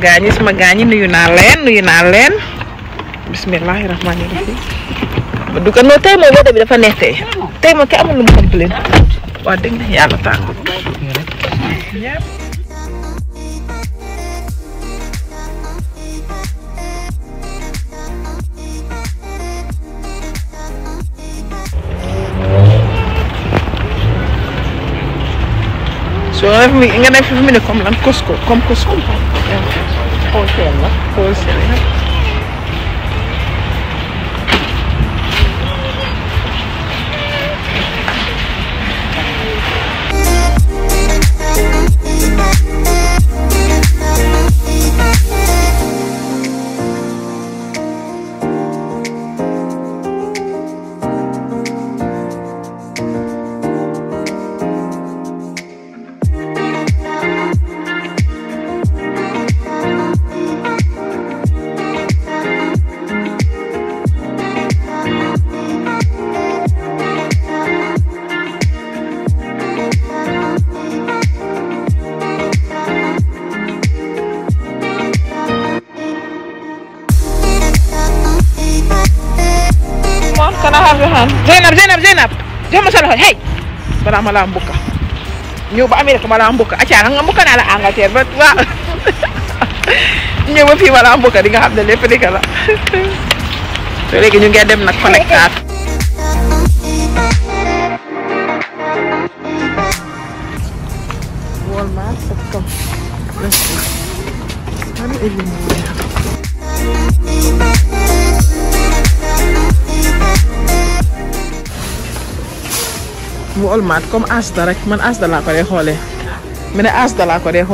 gaañ yi sama gaañ yi nuyu bismillahirrahmanirrahim leen nuyu naa leen bismillahi rahmani rahim du ko non tey dafa neex amul lu So nga def fi mu ne comme lan Costco comme Costco. Wholesale la wholesale jox ma sa loxo hey balaa ma laa mbukka ñëw ba Amérique ma laa mbukka acca nga mbukka naa la Angleterre ba waaw ñëw ba fii ma laa mbukka di nga xam ne lépp dikka la léegi ñu ngi dem nag xool maat comme asda rek man asda laa ko dee xoolee mu ne asda laa ko dee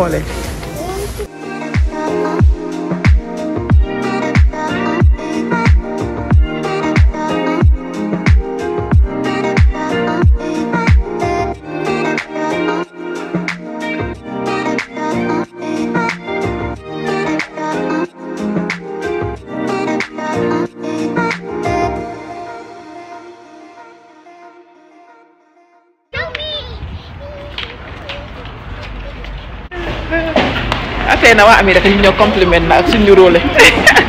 na waa Amie rek ñu ñëw compliment na ak suñu rôle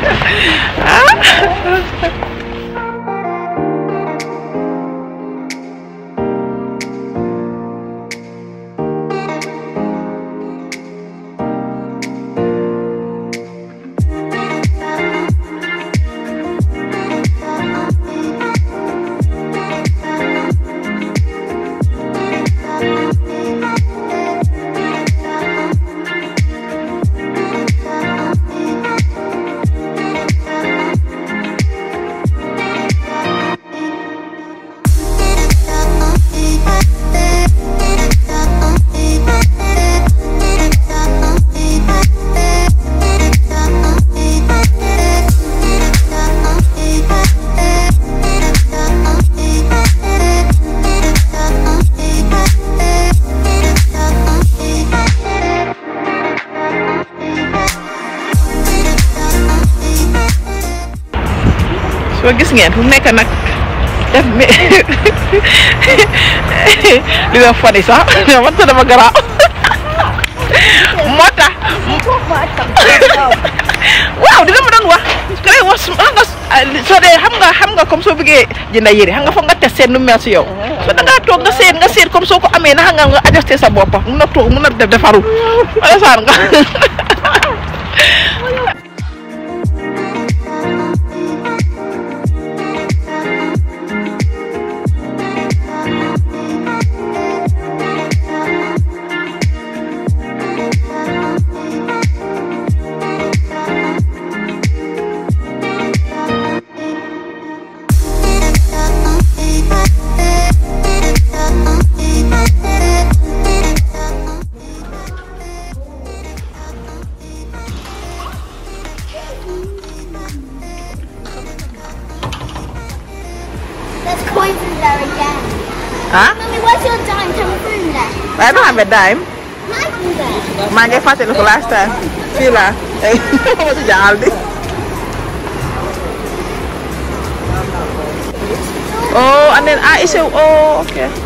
ko gis ngeen fu mu nekk nag def mi li nga foni sax man sa dama garaaw moo tax waaw dina ma doon wax su ko wax nga soo dee xam nga xam nga comme soo bëggee jënd yére xam nga foog nga test seet nu mel yow so da ngaa toog nga seet nga seet comme soo ko amee naka nga nga adjusté sa boppa mun na toog mun na def defaru wala saan nga Huh? Mommy, what's your dime I don't have a dime. Man, get fat look last time. Sheila, what's your Aldi? Oh, and then I oh, okay.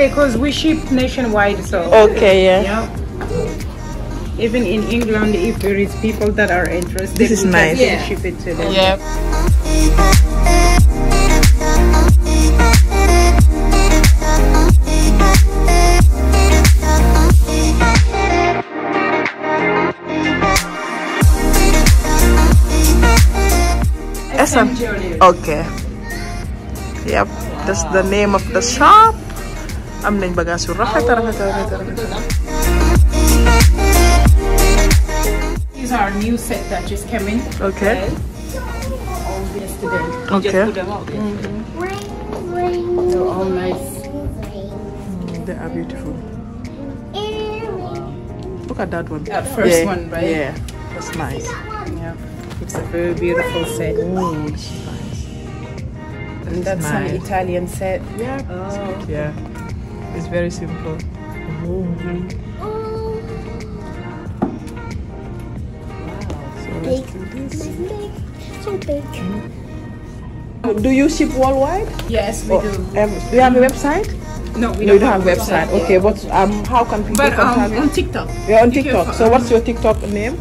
okay because we ship nationwide so okay yeah, yeah. Even in England, if there is people that are interested, this is nice. Yeah. Ship it to them. SM. Okay. Yep, that's the name of the shop am nañ bagage yu rafet rafet rafet rafet. These are new set that just came in. Okay. yesterday. okay. Mm -hmm. They're all nice. Mm, they are beautiful. Look at that one. That first yeah. one, right? Yeah, that's nice. Yeah, it's a very beautiful set. Mm, nice. And that's nice. an Italian set. Yeah. Oh. Yeah. It's very simple. Mm -hmm. so, big. Do you ship worldwide? Yes, we oh, do. Um, do you have a website? No, we no, don't, have, a website. okay, but um, how can people but, um, contact you? on TikTok. Yeah, on TikTok. so what's your TikTok name?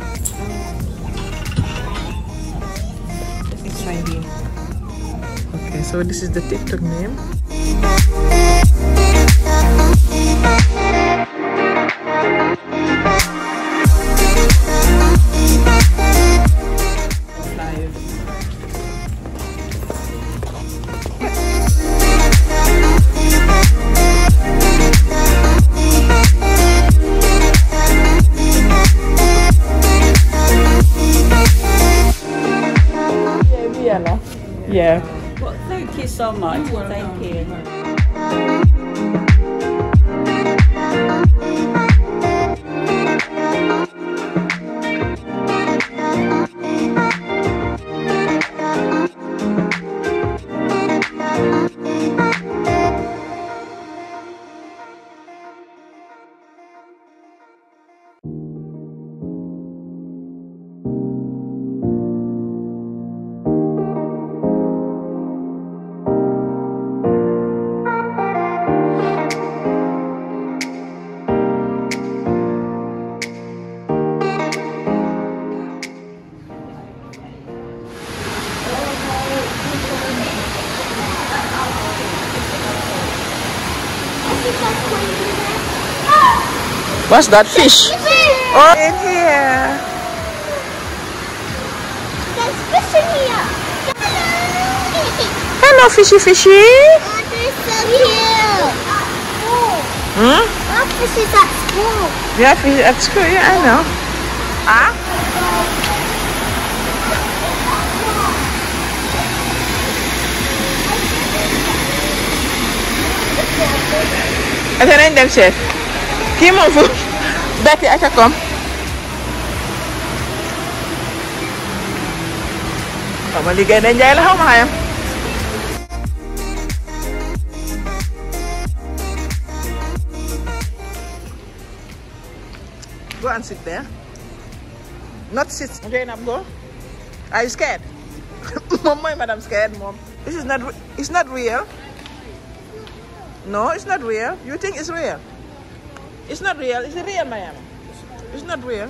It's Ivy. Okay, so this is the TikTok name. Well, thank you so much. Thank you. What's that fish? Oh, in here. There's fish in here. Hello, fishy fishy. Oh, there's some here. Hmm? fish is at school. Yeah, fish at school. Yeah, I know. Ah? Ano them Chef? kii moom fu I come. kom xaw ma liggéey na njaay la xaw ma xayam go and sit there not sit I'm go are you scared mom I'm scared mom. this is not it's not real no it's not real you think it's real it's not real. It's a real, Miami? It's not real.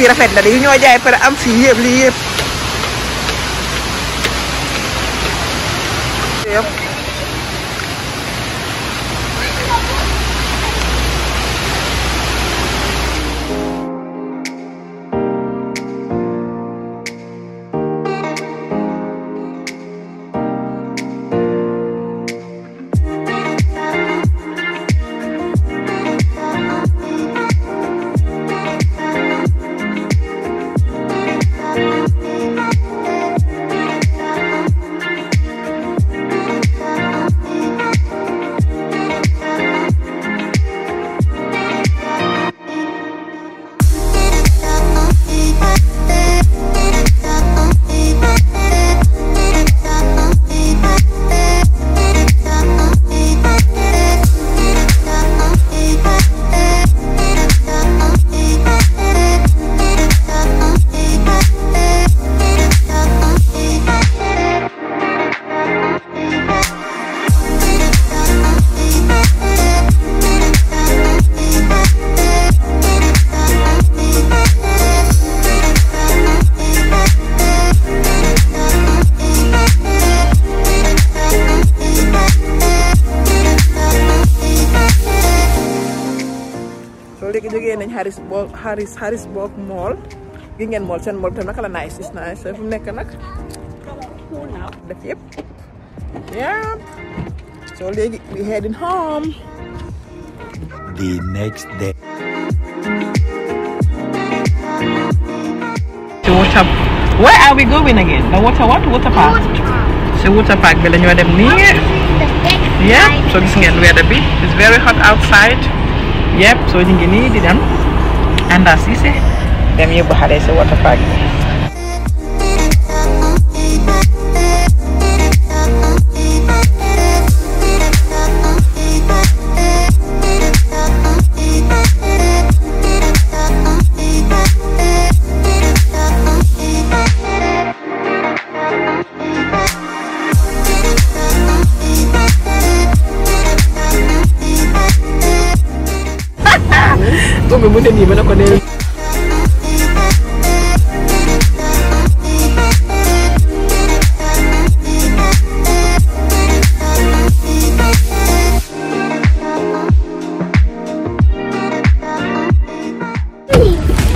yëpp yi rafet na de yu ñoo jaay pare am fii yëpp lii yëpp. Mall Harris Harrisburg Mall gi Mall seen Mall bi tam naka la nice is nice fu mu nak. nag def Yep. yeah so léegi we heading home the next day The water where are we going again the water what water park The water park bi lañoo dem nii yeah so this gis ngeen the beach. it's very hot outside yep so ñu ngi nii di dem Anda rasis ya. Dan ini bahaya sewaktu pagi.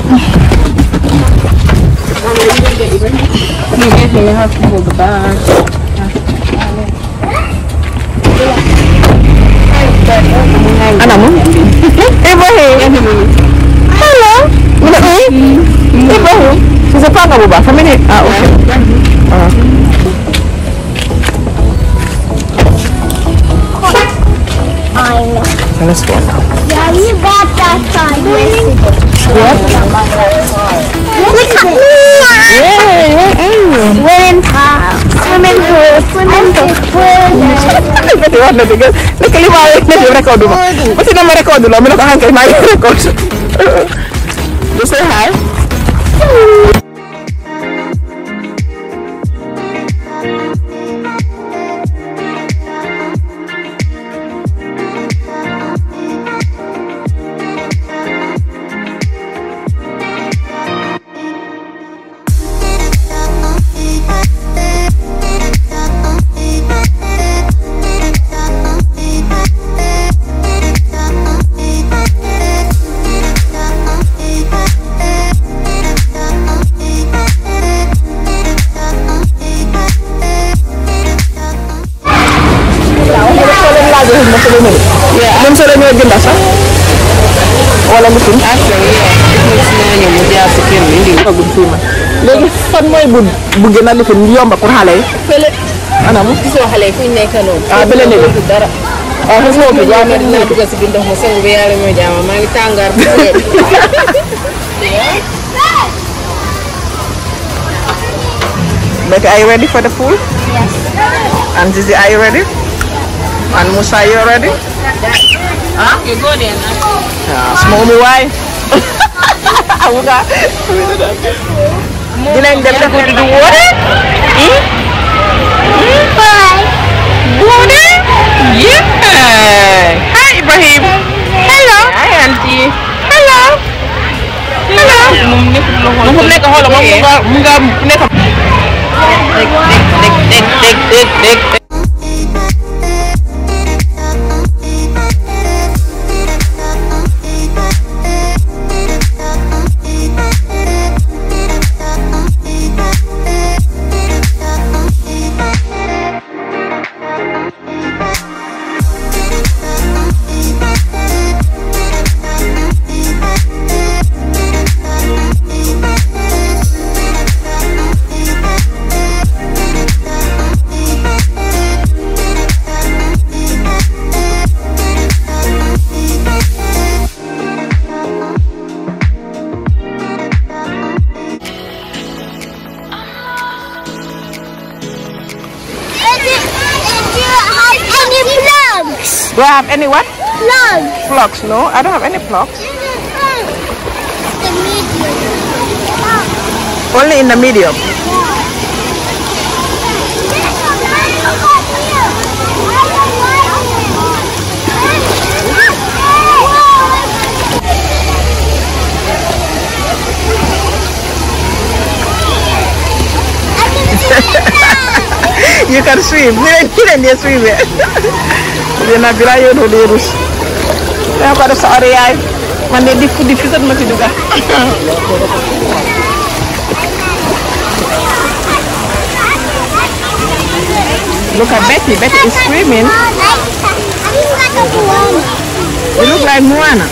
You get bag. Halo. apa eh, Ah, okay. Ah. let's go now. Yeah, you bought that car yesterday. What? Yeah, where are you? Swimming pool. Swimming pool. Swimming pool. Natiwan na tigas. Nakaliwawit na yung rekodo mo. Ba't yun ang marekodo lang? Minakahan kayo na yung rekodo. Gusto hi? bu gëna gën a lifin yomba pour xale yi fele anam gisoo xale yi fuñ nekk noonu ah bele ne dara ah xes nga ko jaama dina dugal si bi ndox mo sangu bi yaale mo jaama ma ngi tangar bu are you ready for the pool? Yes. And Zizi, are you ready? Yes. And Musa, are you ready? Yes. Huh? You go there now. Yeah, small me why? I Bilang dia pernah pergi dua dah. Eh? Empat. Dua dah? Yeah. Hi Ibrahim. Hello. Hi Auntie. Hello. Hello. Mungkin mereka hol, mungkin mereka mungkin mereka. Dik dik dik dik dik dik. any what? Plugs. Plugs, no. I don't have any plugs. Only in the medium. you can swim. You can swim? can swim. You can swim. You Saya pada sore can swim. You can swim. You masih juga. Look at Betty. Betty is screaming. You look like Moana.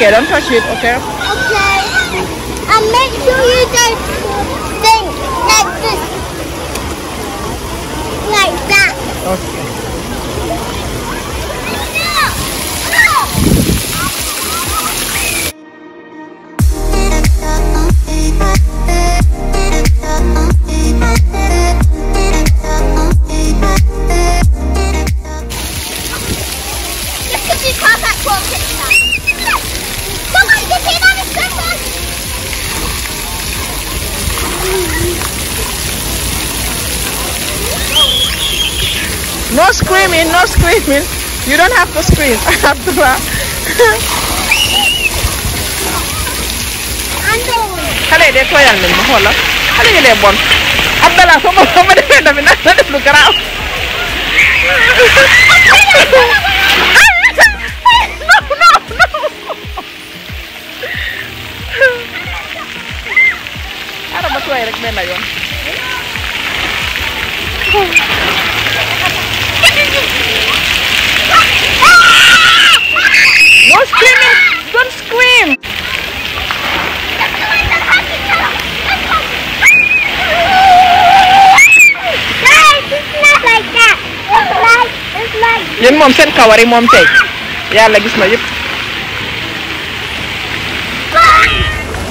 Okay, don't touch it, okay? have to scream, Abdullah. Kale de ko yalla mo xolal. Kale Här le bon. Abdallah ko ko ma defé dami na na def lu graw. Ara ma tuay rek ben la yoon. No screaming! Don't scream! Yen mom seen kawari mom moom ah! tey yàlla gis na yëpp.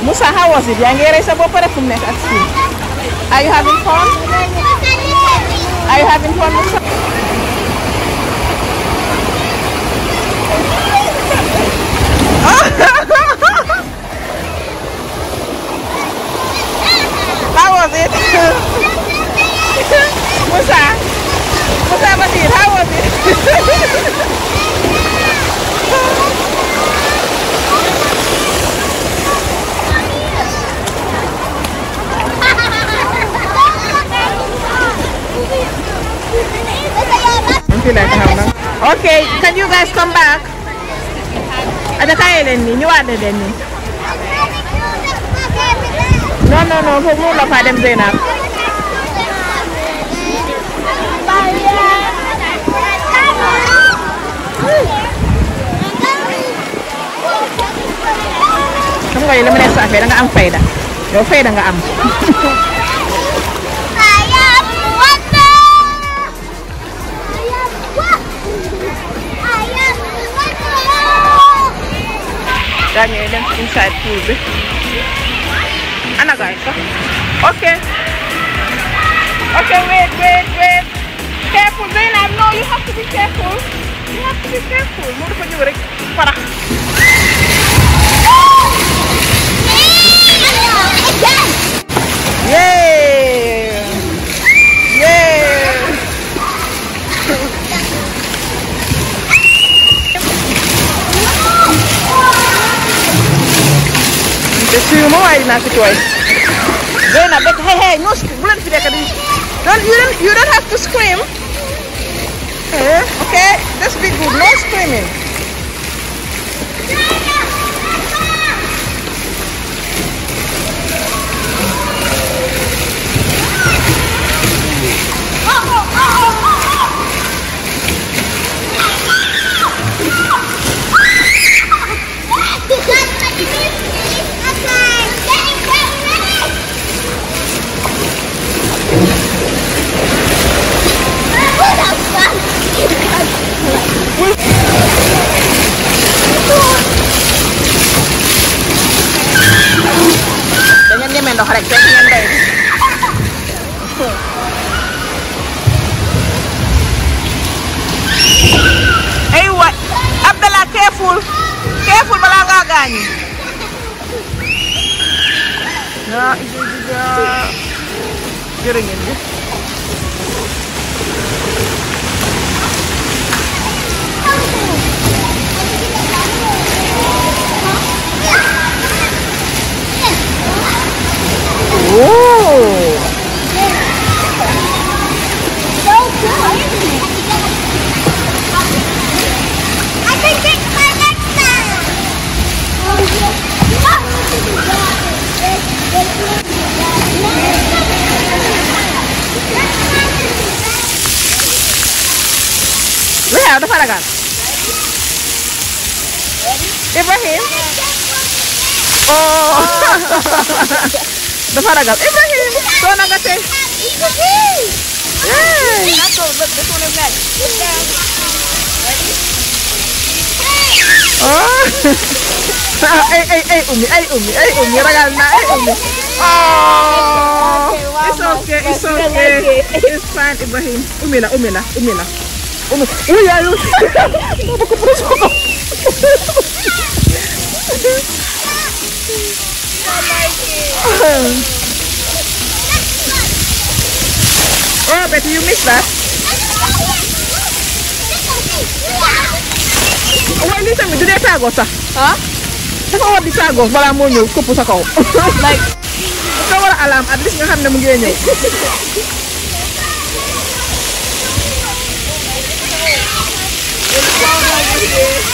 Musa, how was it yaa ngi rey sa bopp rek fu mu nekk ak fii. Are you having fun? Are you having fun Moussa? 我啥？我啥问题？他问题。you like how now? Okay, can you guys come back? Ada kaya din ni, niwala din ni. No, no, no, huwag mo na pa dem din xam nga nggak ma nekk sa affaire da nga am fayda yow fayda nga am dañuy dem inside dan inside tube. Anak guys. Oh. Oke. ok wait wait wait careful Zainab no you have to be careful you have to be careful mo dafa ñëw Yeah! Then I hey hey no run Don't you don't you don't have to scream. Okay, okay? That's good, no screaming. Ibrahim? Oh! the father goes, Ibrahim! Go on, Agate! Yay! Look, this one is next. Ready? Oh! Ay, ay, ay, umi, ay, umi, ay, umi, ragazza, ay, umi. Oh! It's okay, it's okay. It's fine, Ibrahim. Umila, umila, umila. Umila. Uy, ay, uy! Baka po na siya You missed that. Well, this time, do they tago sa? Ha? Saka ako di tago, like, alam, at least nga ham na mong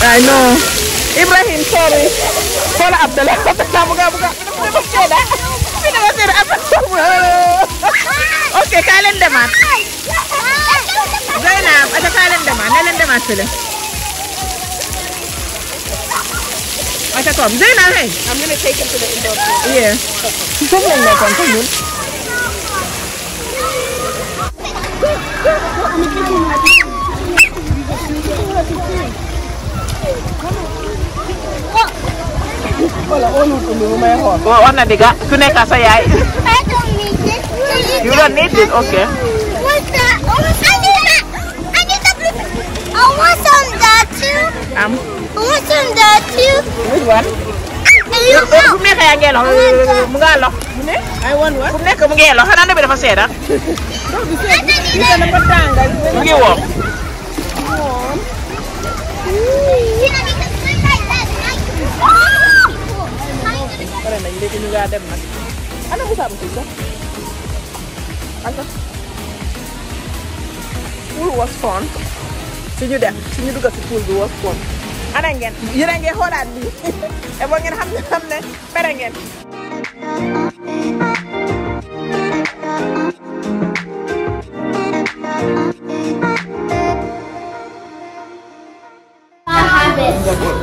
I know. Ibrahim, sorry. Wala Abdullah. Tapos na mga mga. Pinabasira. Pinabasira. Pinabasira. اوكي كاي لندمات زينب انا كاي لندمات انا لندمات فيلم I can come. Zena, hey. I'm gonna take him to the indoor pool. Yeah. Come on, my friend. Come on. Wala, ono ko mo may hot. Wa na diga, kunay ka sa yai. You don't need it? Okay. What's that? I want that. I need the blue. I want some that too. Um. I want some that too. Which one? ku nekk yaa ngee one. I want what? ku one. I thought pool was fun suñu dem suñu dugga si pool it was fun ana ngeen yéen a ngeen xoolaat bi e boo ngeen xam ne But again. I have it.